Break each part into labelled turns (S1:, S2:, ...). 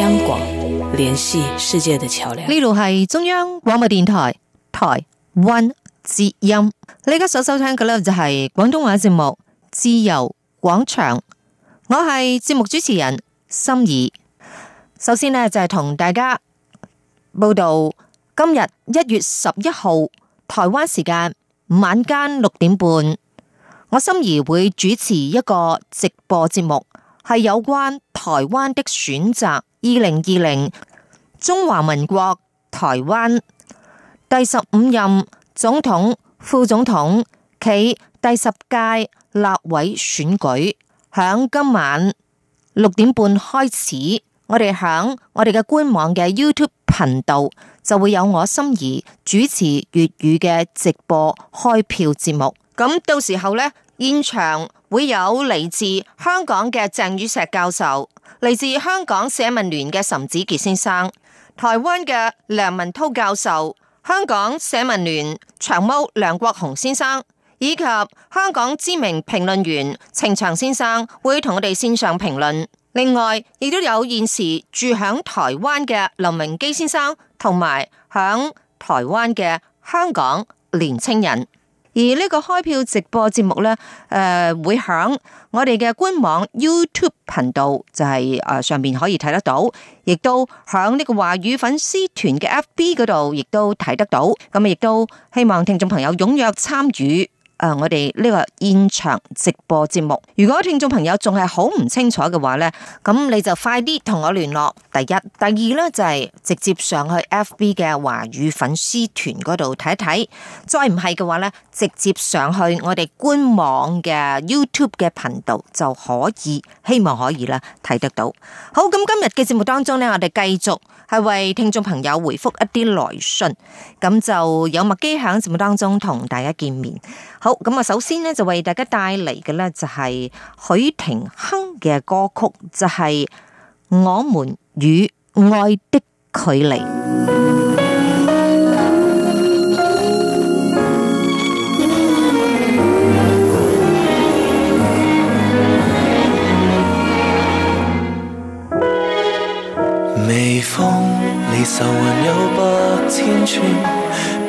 S1: 央廣聯繫世界的橋樑，呢度係中央廣播電台台灣之音。你而家所收聽嘅呢就係廣東話節目自由廣場。我係節目主持人心儀。首先咧就係、是、同大家報道，今日一月十一號台灣時間晚間六點半，我心儀會主持一個直播節目，係有關台灣的選擇。二零二零中華民國台灣第十五任總統副總統暨第十屆立委選舉，響今晚六點半開始，我哋響我哋嘅官網嘅 YouTube 頻道就會有我心儀主持粵語嘅直播開票節目。咁到時候咧，現場。會有嚟自香港嘅鄭宇石教授，嚟自香港社民聯嘅岑子傑先生，台灣嘅梁文韜教授，香港社民聯長毛梁國雄先生，以及香港知名評論員程翔先生會同我哋線上評論。另外，亦都有現時住響台灣嘅林榮基先生，同埋響台灣嘅香港年青人。而呢個開票直播節目咧，誒、呃，會響我哋嘅官網 YouTube 頻道就係、是、誒上邊可以睇得到，亦都響呢個華語粉絲團嘅 FB 嗰度，亦都睇得到。咁亦都希望聽眾朋友踊躍參與。誒、呃，我哋呢個現場直播節目，如果聽眾朋友仲係好唔清楚嘅話呢，咁你就快啲同我聯絡。第一，第二呢，就係、是、直接上去 FB 嘅華語粉絲團嗰度睇一睇。再唔係嘅話呢，直接上去我哋官網嘅 YouTube 嘅頻道就可以。希望可以啦，睇得到。好，咁今日嘅節目當中呢，我哋繼續係為聽眾朋友回覆一啲來信。咁就有麥基喺節目當中同大家見面。好。咁啊，首先呢，就為大家帶嚟嘅呢，就係許廷鏗嘅歌曲，就係、是《我們與愛的距離》。
S2: 微風離愁還有百千串。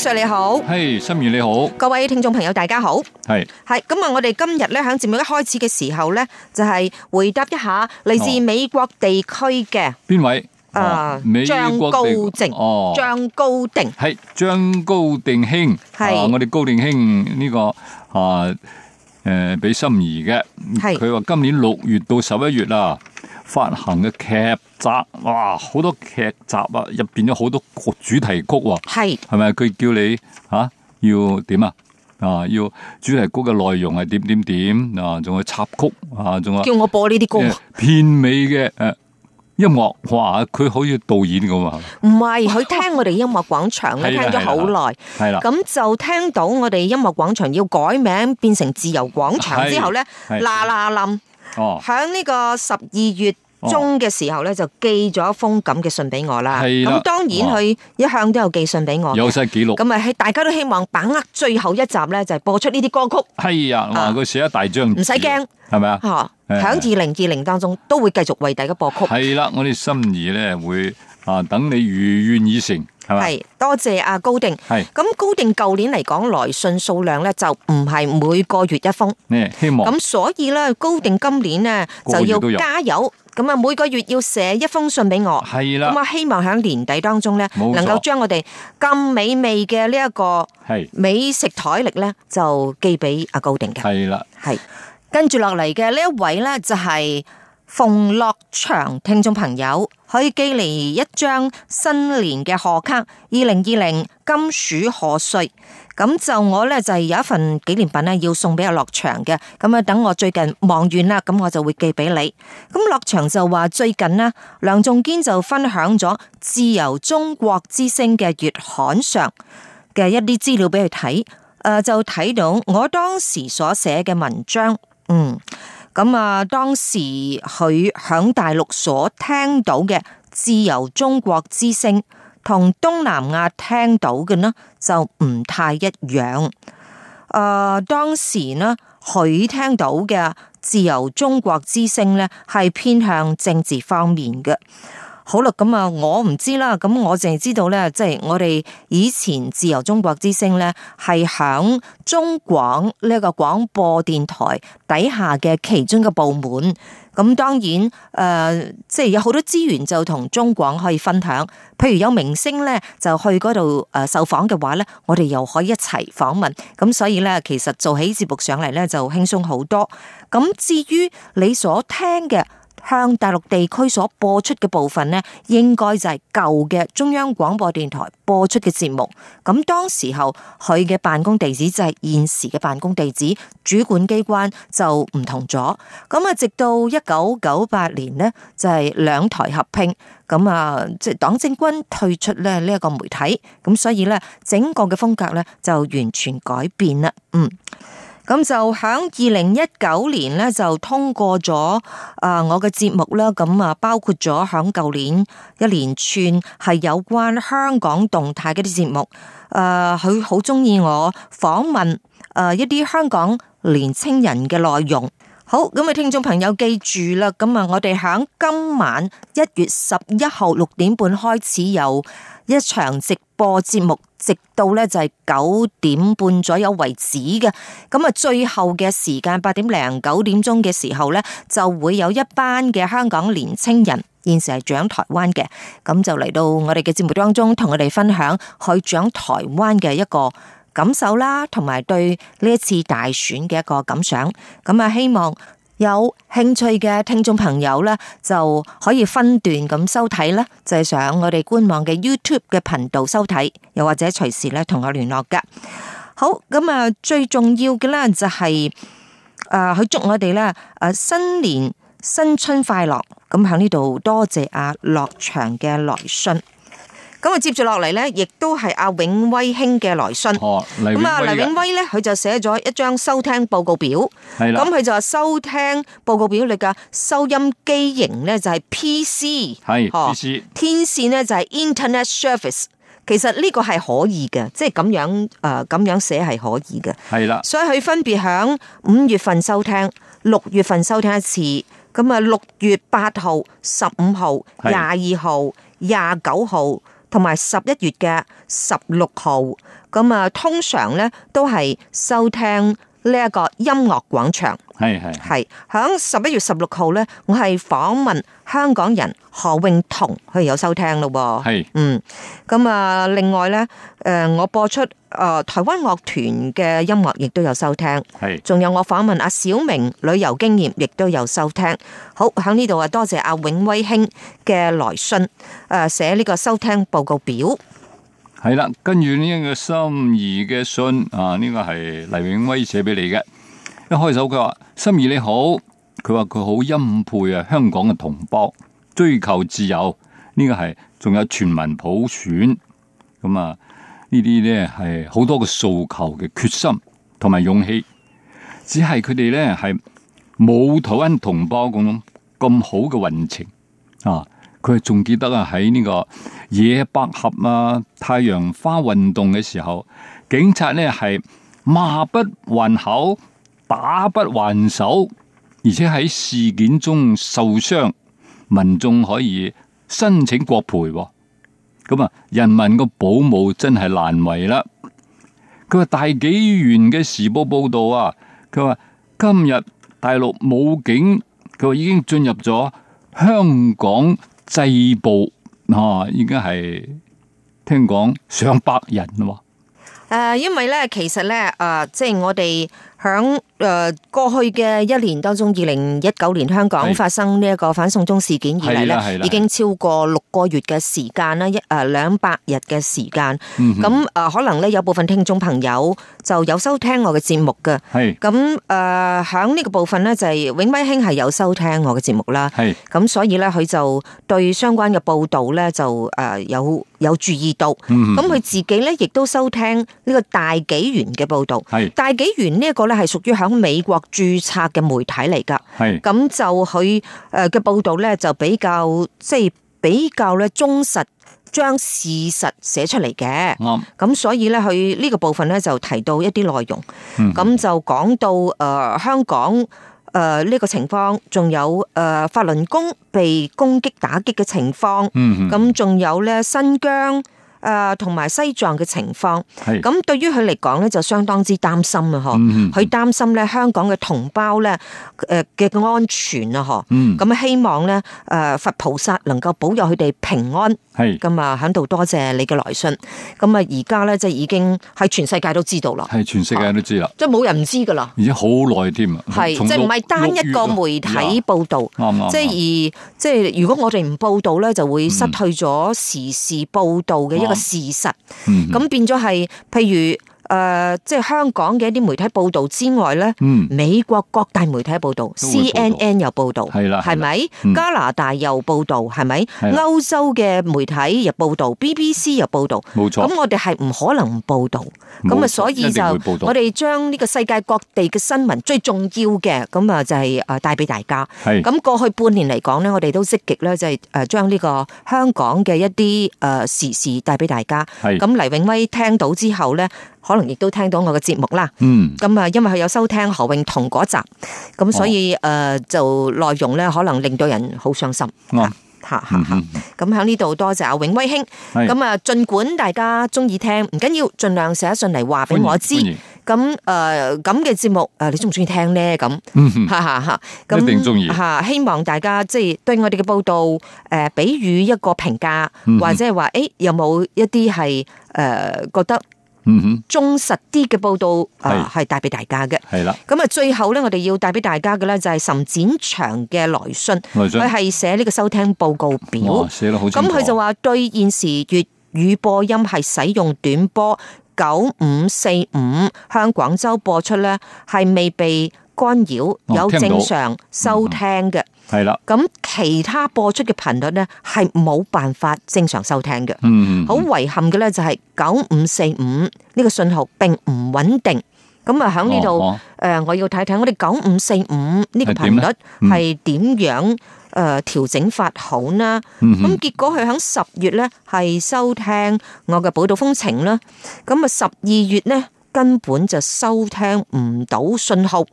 S1: Sir 你好，
S3: 係心怡你好，
S1: 各位聽眾朋友大家好，係係咁啊！我哋今日咧喺節目一開始嘅時候咧，就係回答一下嚟自美國地區嘅
S3: 邊位啊，張高定哦，張高定係張高定兄啊！我哋高定兄呢個啊誒，俾心怡嘅，佢話今年六月到十一月啊。發行嘅劇集，哇，好多劇集啊！入邊有好多個主題曲喎，係是，係咪佢叫你吓、啊，要點啊？啊，要主題曲嘅內容係點點點啊？仲有插曲啊？仲有叫我
S1: 播呢啲歌，
S3: 片尾嘅誒、啊、音樂，哇！佢好似導演咁啊！唔
S1: 係，佢聽我哋音樂廣場， 聽咗好耐，係啦，咁就聽到我哋音樂廣場要改名變成自由廣場的之後咧，的啦啦冧。哦，喺呢個十二月中嘅時候咧，哦、就寄咗一封咁嘅信俾我啦。係咁的當然佢一向都有寄信俾我，有
S3: 晒記錄。咁啊，
S1: 係大家都希望把握最後一集咧，就是、播出呢啲歌曲。
S3: 係、哎、呀啊，哇！佢寫一大張，唔使驚，係咪
S1: 啊？喺二零二零當中都會繼續為大家播曲。係
S3: 啦，我哋心儀咧會啊，等你如願以成。係，
S1: 多謝阿高定。係，咁高定舊年嚟講來信數量咧就唔係每個月一封。希望咁，所以咧高定今年咧就要加油。咁啊，每個月要寫一封信俾我。係啦。咁我希望喺年底當中咧，能夠將我哋咁美味嘅，呢一個美食台曆咧，就寄俾阿高定嘅。係啦，係跟住落嚟嘅呢一位咧就係。馮樂祥，聽眾朋友可以寄嚟一張新年嘅賀卡，二零二零金鼠賀歲。咁就我呢，就係，有一份紀念品呢，要送俾阿樂祥嘅，咁啊等我最近望遠啦，咁我就會寄俾你。咁樂祥就話最近呢，梁仲堅就分享咗自由中國之聲嘅粵韓上嘅一啲資料俾佢睇，誒、呃、就睇到我當時所寫嘅文章，嗯。咁啊、嗯，當時佢響大陸所聽到嘅自由中國之聲，同東南亞聽到嘅呢就唔太一樣。誒、呃，當時呢佢聽到嘅自由中國之聲呢，係偏向政治方面嘅。好啦，咁啊，我唔知啦，咁我淨係知道咧，即係我哋、就是、以前自由中國之聲咧，係響中廣呢一個廣播電台底下嘅其中嘅部門。咁當然誒，即、呃、係、就是、有好多資源就同中廣可以分享。譬如有明星咧，就去嗰度誒受訪嘅話咧，我哋又可以一齊訪問。咁所以咧，其實做起節目上嚟咧就輕鬆好多。咁至於你所聽嘅。向大陸地區所播出嘅部分呢，應該就係舊嘅中央廣播電台播出嘅節目。咁當時候佢嘅辦公地址就係現時嘅辦公地址，主管機關就唔同咗。咁啊，直到一九九八年呢，就係兩台合併。咁啊，即係黨政軍退出咧呢一個媒體，咁所以呢整個嘅風格呢就完全改變啦。嗯。咁就喺二零一九年咧，就通過咗啊，我嘅節目啦，咁啊包括咗響舊年一連串係有關香港動態嘅一啲節目。誒，佢好中意我訪問誒一啲香港年青人嘅內容。好，咁啊，聽眾朋友記住啦，咁啊，我哋喺今晚一月十一號六點半開始有一場直播節目。直到咧就係九點半左右為止嘅，咁啊最後嘅時間八點零九點鐘嘅時候咧，就會有一班嘅香港年青人，現時係長台灣嘅，咁就嚟到我哋嘅節目當中，同我哋分享去長台灣嘅一個感受啦，同埋對呢一次大選嘅一個感想，咁啊希望。有興趣嘅聽眾朋友咧，就可以分段咁收睇啦，就係上我哋官網嘅 YouTube 嘅頻道收睇，又或者隨時咧同我聯絡噶。好，咁啊，最重要嘅咧就係誒，佢祝我哋咧誒新年新春快樂。咁喺呢度多謝阿樂長嘅來信。咁啊，接住落嚟咧，亦都係阿永威兄嘅來信。咁啊、哦，黎永威咧，佢就寫咗一張收聽報告表。係咁佢就話收聽報告表裏嘅收音機型咧就係 P.C. 係是、哦、P.C. 天線咧就係 Internet Service。其實呢個係可以嘅，即係咁樣誒，咁、呃、樣寫係可以嘅。係啦的，所以佢分別響五月份收聽，六月份收聽一次。咁啊，六月八號、十五號、廿二號、廿九號。同埋十一月嘅十六號，咁啊，通常呢都係收聽。呢一個音樂廣場係係係響十一月十六號呢，我係訪問香港人何永彤，佢有收聽咯噃係嗯咁啊、嗯嗯，另外呢，誒、呃，我播出誒、呃、台灣樂團嘅音樂亦都有收聽係，仲是是 有我訪問阿、啊、小明旅遊經驗亦都有收聽。好，響呢度啊，多謝阿永威興嘅來信誒，寫、呃、呢個收聽報告表。
S3: 係啦，跟住呢個心儀嘅信啊，呢個係黎永威寫俾你嘅。一開手，佢話：心儀你好，佢話佢好欽佩啊香港嘅同胞追求自由，呢個係仲有全民普選，咁啊呢啲咧係好多嘅訴求嘅決心同埋勇氣。只係佢哋咧係冇台灣同胞咁咁好嘅運程啊。佢仲記得啊！喺呢個野百合啊、太陽花運動嘅時候，警察呢係罵不還口、打不還手，而且喺事件中受傷，民眾可以申請國賠。咁、哦、啊，人民個保姆真係難為啦。佢話大紀元嘅時報報道啊，佢話今日大陸武警，佢話已經進入咗香港。制暴吓，應該係聽講上百人喎。
S1: 誒，因為咧，其實咧，誒，即係我哋響誒過去嘅一年當中，二零一九年香港發生呢一個反送中事件以嚟咧，已經超過六個月嘅時間啦，一誒兩百日嘅時間。咁誒，可能咧有部分聽眾朋友就有收聽我嘅節目嘅。係。咁誒，響呢個部分咧就係永威兄係有收聽我嘅節目啦。係。咁所以咧，佢就對相關嘅報道咧就誒有有注意到。嗯。咁佢自己咧亦都收聽。呢個大紀元嘅報道，是大紀元呢一個咧係屬於喺美國注冊嘅媒體嚟噶，咁是就佢誒嘅報道咧就比較即係、就是、比較咧忠實，將事實寫出嚟嘅，咁、嗯、所以咧佢呢個部分咧就提到一啲內容，咁、嗯、哼就講到誒、呃、香港誒呢、呃這個情況，仲有誒、呃、法輪功被攻擊打擊嘅情況，咁仲、嗯、哼有咧新疆。誒同埋西藏嘅情況，咁是對於佢嚟講咧就相當之擔心啊！嗬、嗯哼，佢擔心咧香港嘅同胞咧誒嘅安全啊！嗬、嗯，咁希望咧誒佛菩薩能夠保佑佢哋平安。係咁啊，響度多謝你嘅來信。咁啊，而家咧即係已經喺全世界都知道啦，
S3: 係全世界都知啦，
S1: 即係冇人唔知㗎啦。
S3: 已經好耐添，係即係唔係單一個媒體報道，即係、啊、而
S1: 即係如果我哋唔報道咧，就會失去咗時事報導嘅一。個事實，咁變咗係，譬如。誒，即係香港嘅一啲媒體報道之外咧，美國各大媒體報道，CNN 又報道，係啦，係咪加拿大又報道，係咪歐洲嘅媒體又報道，BBC 又報道，冇錯。咁我哋係唔可能唔報道，咁啊，所以就我哋將呢個世界各地嘅新聞最重要嘅，咁啊就係誒帶俾大家。係。咁過去半年嚟講咧，我哋都積極咧，就係誒將呢個香港嘅一啲誒時事帶俾大家。係。咁黎永威聽到之後咧。可能亦都聽到我嘅節目啦，咁啊，因為佢有收聽何永彤嗰集，咁所以誒就內容咧，可能令到人好傷心。嚇嚇嚇！咁喺呢度多謝阿永威兄。咁啊，儘管大家中意聽，唔緊要，儘量寫信嚟話俾我知。咁誒咁嘅節目誒，你中唔中意聽咧？咁嚇嚇嚇，一定中意嚇！希望大家即係對我哋嘅報道誒，俾予一個評價，或者係話誒，有冇一啲係誒覺得？嗯哼，忠實啲嘅報道是啊，係帶俾大家嘅。係啦的，咁啊，最後咧，我哋要帶俾大家嘅咧，就係岑展祥嘅來信。佢係俊寫呢個收聽報告表。寫得好。咁佢就話對現時粵語播音係使用短波九五四五向廣州播出咧，係未被干擾，有正常收聽嘅。哦聽係啦，咁其他播出嘅頻率咧係冇辦法正常收聽嘅，嗯，好遺憾嘅咧就係九五四五呢個信號並唔穩定，咁啊喺呢度誒，我要睇睇我哋九五四五呢個頻率係點樣誒調整法好呢？咁結果佢喺十月咧係收聽我嘅寶島風情啦，咁啊十二月咧根本就收聽唔到信號，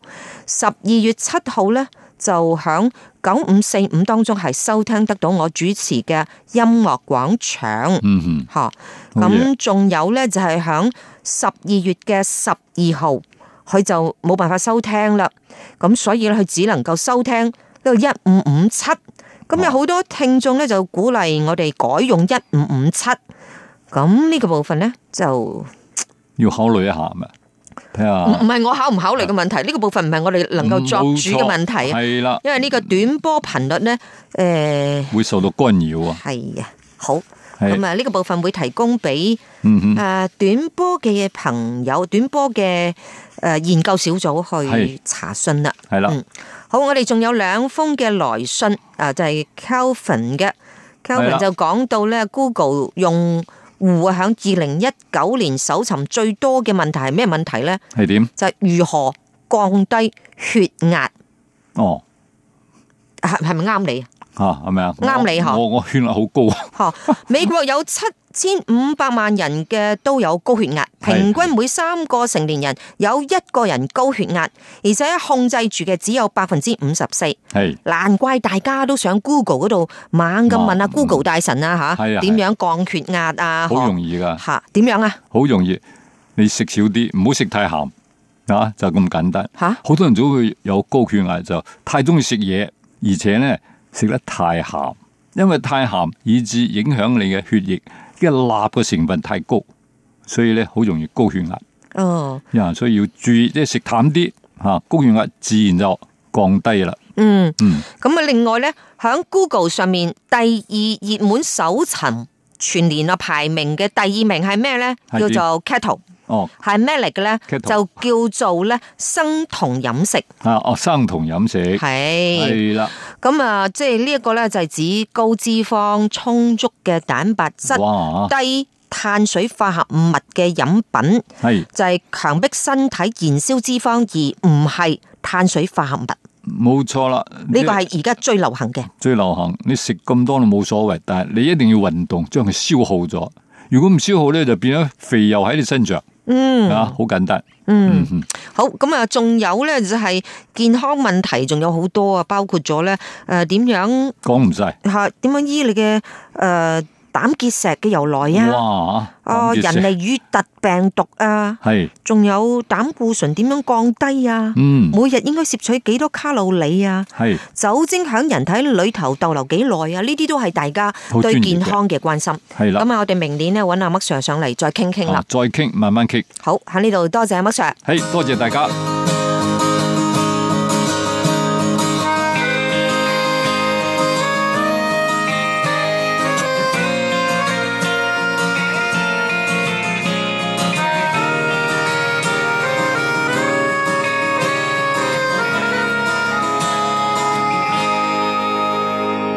S1: 十二月七號咧。就響九五四五當中係收聽得到我主持嘅音樂廣場，吓，咁仲有咧就係響十二月嘅十二號，佢就冇辦法收聽啦。咁所以咧佢只能夠收聽呢個一五五七。咁有好多聽眾咧就鼓勵我哋改用一五五七。咁呢個部分咧就
S3: 要考慮一下係咪。
S1: 唔，唔係我考唔考慮嘅問題，呢個部分唔係我哋能夠作主嘅問題啊！係啦，因為呢個短波頻率
S3: 咧，誒，會受到干擾啊！係啊，好，咁
S1: 啊呢個部分會提供俾，嗯哼，誒短波嘅朋友、短波嘅誒研究小組去查詢啦。係啦，嗯，好，我哋仲有兩封嘅來信啊，就係 Kelvin 嘅 Kelvin 就講到咧，Google 用。戶啊，響二零一九年搜尋最多嘅問題係咩問題咧？係點？就係如何降低血壓。哦，係係咪啱你啊？
S3: 吓係咪啊？啱我你嗬！我我血壓好高啊！
S1: 吓、啊，美國有七千五百萬人嘅都有高血壓， 平均每三個成年人有一個人高血壓，是是而且控制住嘅只有百分之五十四。係是是 難怪大家都想 Google 嗰度猛咁問下、啊、Google 大神啊，吓點是樣降血壓啊？是是好容
S3: 易噶吓、啊？點樣啊？好容易，你食少啲，唔好食太鹹啊，就咁簡單吓。啊、好多人就會有高血壓，就太中意食嘢，而且咧。食得太鹹，因為太鹹以致影響你嘅血液，啲鈉嘅成分太高，所以咧好容易高血壓。哦，所以要注意，即係食淡啲吓，高血壓自然就降低啦。嗯
S1: 嗯，咁啊、嗯，另外咧，喺 Google 上面第二熱門搜尋全年啊，排名嘅第二名係咩咧？叫做 Cattle。哦，係咩嚟嘅咧？Keto ,就叫做咧生酮飲食。啊哦，生酮飲食係係啦。咁啊是的，即係呢一個咧，就係、是、指高脂肪、充足嘅蛋白質、哇低碳水化合物嘅飲品。係的就係強迫身體燃燒脂肪，而唔係碳水化合物。冇錯啦，呢、這個係而家最流行嘅。
S3: 最流行，你食咁多都冇所謂，但係你一定要運動，將佢消耗咗。如果唔消耗咧，就變咗肥油喺你身上。嗯，啊，好簡單。嗯，
S1: 嗯哼好。咁啊，仲有咧就係健康問題，仲有好多啊，包括咗咧誒，點、呃、樣講唔晒？吓，點、啊、樣醫你嘅誒？呃膽結石嘅由來啊！
S3: 哦，人類乳
S1: 突病毒啊，係，仲有膽固醇點樣降低啊？嗯，每日應該攝取幾多卡路里啊？係，酒精響人體裏頭逗留幾耐啊？呢啲都係大家對健康嘅關心。係啦，咁啊，我哋明年咧搵阿麥 Sir 上嚟，再傾傾啦，
S3: 再傾，慢慢傾。
S1: 好，喺呢度多謝阿麥 Sir。
S3: 係，hey, 多謝大家。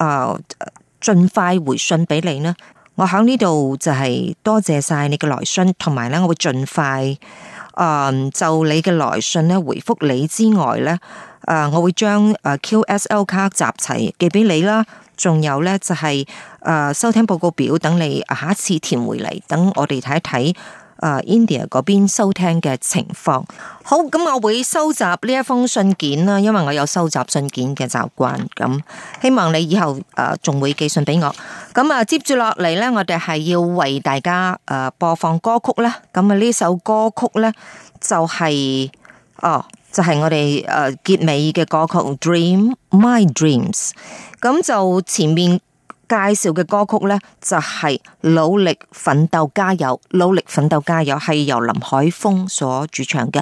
S1: 誒，盡、uh, 快回信俾你啦！我喺呢度就係多謝晒你嘅來信，同埋咧我會盡快就你嘅來信咧回覆你之外咧我會將 QSL 卡集齊寄俾你啦，仲有咧就係誒收聽報告表等你下一次填回嚟，等我哋睇一睇。啊、uh,，India 嗰邊收聽嘅情況，好咁我會收集呢一封信件啦，因為我有收集信件嘅習慣，咁希望你以後誒仲、啊、會寄信俾我。咁啊，接住落嚟呢，我哋係要為大家誒、啊、播放歌曲啦。咁啊，呢首歌曲呢，就係、是、哦、啊，就係、是、我哋誒、啊、結尾嘅歌曲《Dream My Dreams》。咁就前面。介紹嘅歌曲呢、就是，就係努力奮鬥加油，努力奮鬥加油係由林海峰所主唱嘅。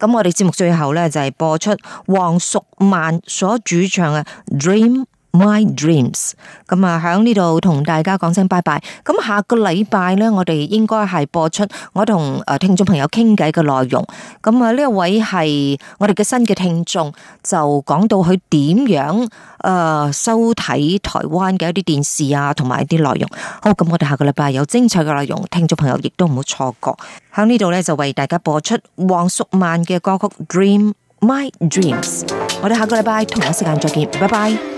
S1: 咁我哋節目最後呢，就係播出黃淑蔓所主唱嘅《Dream》。My dreams，咁啊，響呢度同大家講聲拜拜。咁下個禮拜咧，我哋應該係播出我同誒聽眾朋友傾偈嘅內容。咁啊，呢一位係我哋嘅新嘅聽眾，就講到佢點樣誒、呃、收睇台灣嘅一啲電視啊，同埋一啲內容。好，咁我哋下個禮拜有精彩嘅內容，聽眾朋友亦都唔好錯過。響呢度咧就為大家播出黃淑曼嘅歌曲《Dream My Dreams》。我哋下個禮拜同一時間再見，拜拜。